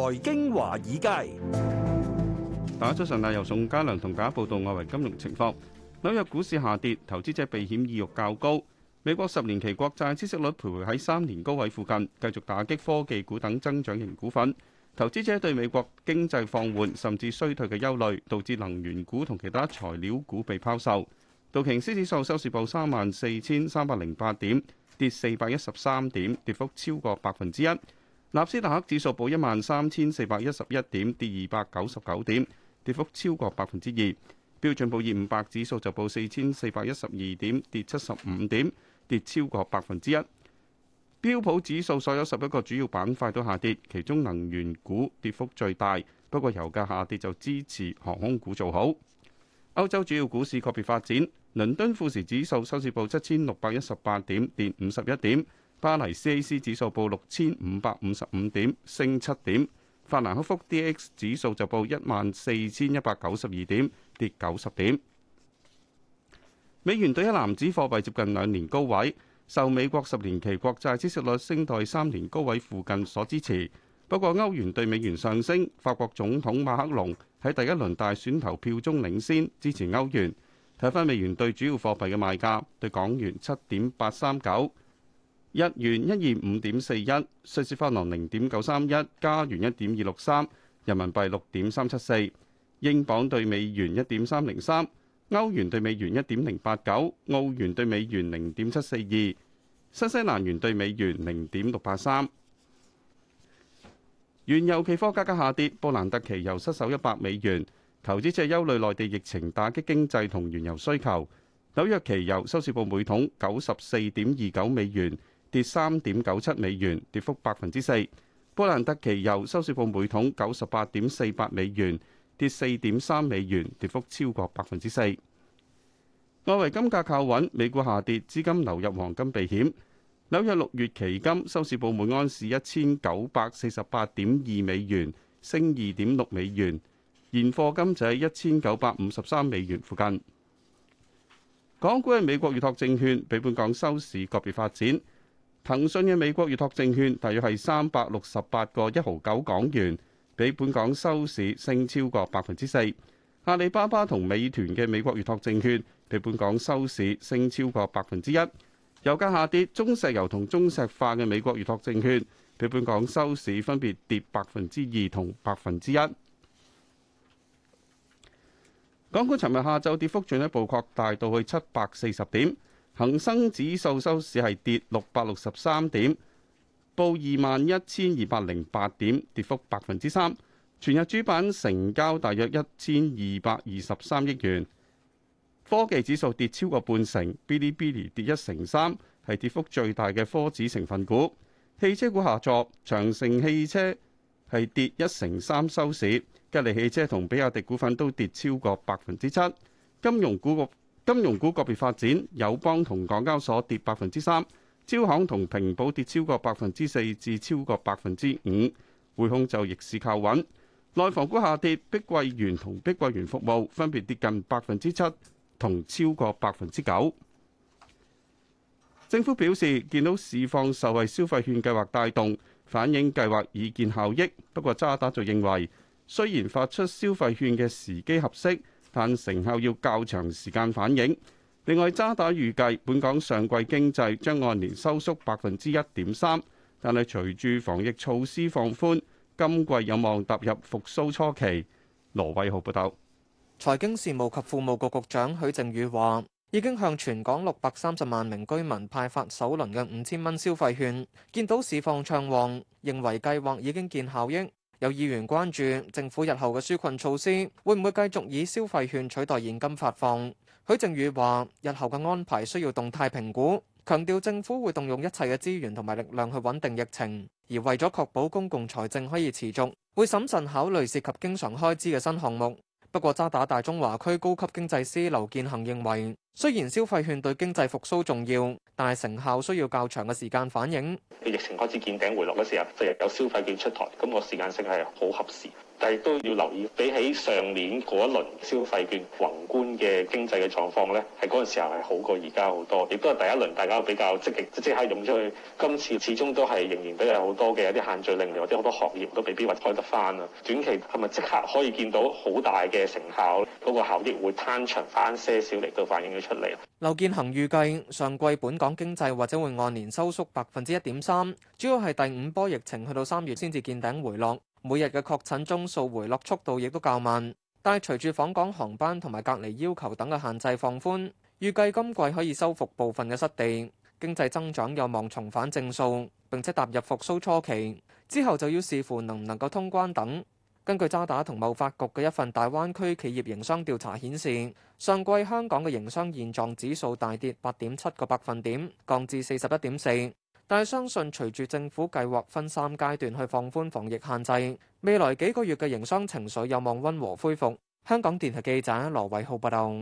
財經華爾街，打頭陣，由宋家良同大家報道外圍金融情況。紐約股市下跌，投資者避險意欲較高。美國十年期國債孳息率徘徊喺三年高位附近，繼續打擊科技股等增長型股份。投資者對美國經濟放緩甚至衰退嘅憂慮，導致能源股同其他材料股被拋售。道瓊斯指數收市報三萬四千三百零八點，跌四百一十三點，跌幅超過百分之一。納斯達克指數報一萬三千四百一十一點，跌二百九十九點，跌幅超過百分之二。標準普爾五百指數就報四千四百一十二點，跌七十五點，跌超過百分之一。標普指數所有十一個主要板塊都下跌，其中能源股跌幅最大。不過油價下跌就支持航空股做好。歐洲主要股市個別發展，倫敦富時指數收市報七千六百一十八點，跌五十一點。巴黎 CAC 指數報六千五百五十五點，升七點。法蘭克福 DAX 指數就報一萬四千一百九十二點，跌九十點。美元兌一籃子貨幣接近兩年高位，受美國十年期國債孳息率升至三年高位附近所支持。不過歐元對美元上升，法國總統馬克龍喺第一輪大選投票中領先，支持歐元。睇翻美元對主要貨幣嘅賣價，對港元七點八三九。日元一二五點四一，瑞士法郎零點九三一，加元一點二六三，人民幣六點三七四，英鎊兌美元一點三零三，歐元兌美元一點零八九，澳元兌美元零點七四二，新西蘭元兌美元零點六八三。原油期貨價格下跌，布蘭特期油失守一百美元，投資者憂慮內地疫情打擊經濟同原油需求。紐約期油收市報每桶九十四點二九美元。跌三點九七美元，跌幅百分之四。波蘭特期油收市報每桶九十八點四八美元，跌四點三美元，跌幅超過百分之四。外圍金價靠穩，美股下跌，資金流入黃金避險。紐約六月期金收市報每安士一千九百四十八點二美元，升二點六美元，現貨金就喺一千九百五十三美元附近。港股嘅美國預託證券，比本港收市個別發展。騰訊嘅美國預託證券，大約係三百六十八個一毫九港元，比本港收市升超過百分之四。阿里巴巴同美團嘅美國預託證券比本港收市升超過百分之一。油價下跌，中石油同中石化嘅美國預託證券比本港收市分別跌百分之二同百分之一。港股尋日下晝跌幅進一步擴大到去七百四十點。恒生指數收市係跌六百六十三點，報二萬一千二百零八點，跌幅百分之三。全日主板成交大約一千二百二十三億元。科技指數跌超過半成，Bilibili 跌一成三，係跌幅最大嘅科指成分股。汽車股下挫，長城汽車係跌一成三收市，吉利汽車同比亞迪股份都跌超過百分之七。金融股金融股個別發展，友邦同港交所跌百分之三，招行同平保跌超過百分之四至超過百分之五，匯控就逆市靠穩。內房股下跌，碧桂園同碧桂園服務分別跌近百分之七同超過百分之九。政府表示見到市況受惠消費券計劃帶動，反映計劃已見效益。不過渣打就認為，雖然發出消費券嘅時機合適，但成效要較長時間反映。另外，渣打預計本港上季經濟將按年收縮百分之一點三，但係隨住防疫措施放寬，今季有望踏入復甦初期。羅偉豪報導。財經事務及庫務局局長許正宇話：已經向全港六百三十萬名居民派發首輪嘅五千蚊消費券，見到市況暢旺，認為計劃已經見效益。有議員關注政府日後嘅紓困措施會唔會繼續以消費券取代現金發放。許正宇話：日後嘅安排需要動態評估，強調政府會動用一切嘅資源同埋力量去穩定疫情，而為咗確保公共財政可以持續，會審慎考慮涉及經常開支嘅新項目。不過，渣打大中華區高級經濟師劉健恒認為，雖然消費券對經濟復甦重要。但係成效需要較長嘅時間反映。疫情開始見頂回落嗰時候，就係有消費券出台，咁個時間性係好合時。但係都要留意，比起上年嗰一輪消費券，宏觀嘅經濟嘅狀況咧，係嗰陣時候係好過而家好多。亦都係第一輪大家比較積極，即刻用出去。今次始終都係仍然比較好多嘅有啲限聚令，或者好多行業都未必話開得翻啊。短期係咪即刻可以見到好大嘅成效？嗰個效益會攤長翻些少嚟到反映咗出嚟。劉建恆預計，上季本港經濟或者會按年收縮百分之一點三，主要係第五波疫情去到三月先至見頂回落，每日嘅確診宗數回落速度亦都較慢。但係隨住訪港航班同埋隔離要求等嘅限制放寬，預計今季可以收復部分嘅失地，經濟增長有望重返正數，並且踏入復蘇初期。之後就要視乎能唔能夠通關等。根據渣打同貿發局嘅一份大灣區企業營商調查顯示，上季香港嘅營商現狀指數大跌八點七個百分點，降至四十一點四。但係相信隨住政府計劃分三階段去放寬防疫限制，未來幾個月嘅營商情緒有望溫和恢復。香港電台記者羅偉浩報道。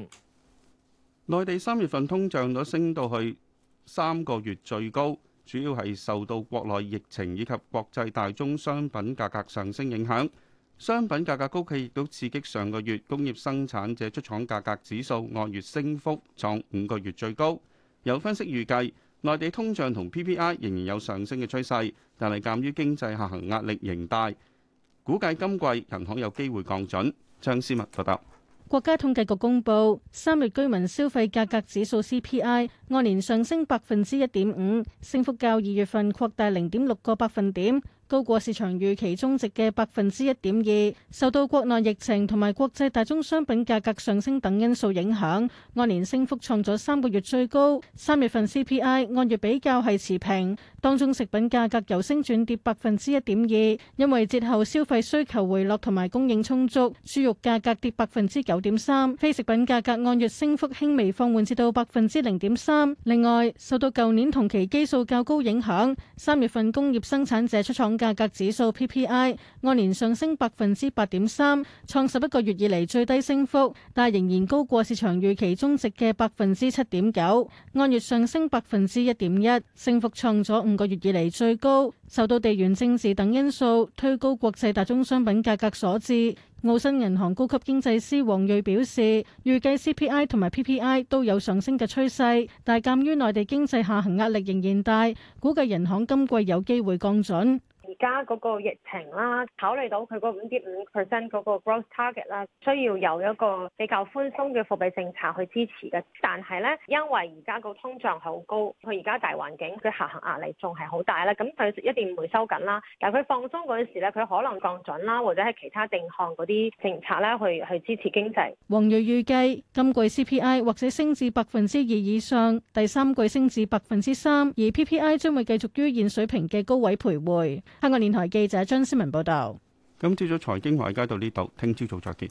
內地三月份通脹率升到去三個月最高，主要係受到國內疫情以及國際大宗商品價格上升影響。商品價格高企亦都刺激上個月工業生產者出廠價格指數按月升幅創五個月最高。有分析預計，內地通脹同 PPI 仍然有上升嘅趨勢，但係鑑於經濟下行壓力仍大，估計今季銀行有機會降準。張思文報道，國家統計局公布三月居民消費價格指數 CPI 按年上升百分之一點五，升幅較二月份擴大零點六個百分點。高過市場預期中值嘅百分之一點二，受到國內疫情同埋國際大宗商品價格上升等因素影響，按年升幅創咗三個月最高。三月份 CPI 按月比較係持平，當中食品價格由升轉跌百分之一點二，因為節後消費需求回落同埋供應充足，豬肉價格跌百分之九點三。非食品價格按月升幅輕微放緩至到百分之零點三。另外，受到舊年同期基數較高影響，三月份工業生產者出廠價格指數 PPI 按年上升百分之八點三，創十一個月以嚟最低升幅，但仍然高過市場預期中值嘅百分之七點九，按月上升百分之一點一，升幅創咗五個月以嚟最高。受到地緣政治等因素推高國際大宗商品價格所致。澳新銀行高級經濟師王瑞表示，預計 CPI 同埋 PPI 都有上升嘅趨勢，但係鑒於內地經濟下行壓力仍然大，估計人行今季有機會降準。而家嗰個疫情啦，考慮到佢嗰五點五 percent 嗰個 growth target 啦，需要有一個比較寬鬆嘅貨幣政策去支持嘅。但係咧，因為而家個通脹好高，佢而家大環境佢下行壓力仲係好大啦，咁佢一定唔會收緊啦。但係佢放鬆嗰陣時咧，佢可能降準啦，或者係其他定向嗰啲政策咧去去支持經濟。黃睿預計今季 CPI 或者升至百分之二以上，第三季升至百分之三，而 PPI 將會繼續於現水平嘅高位徘徊。香港電台記者張思文報道。今朝早財經華爾街到呢度，聽朝早再見。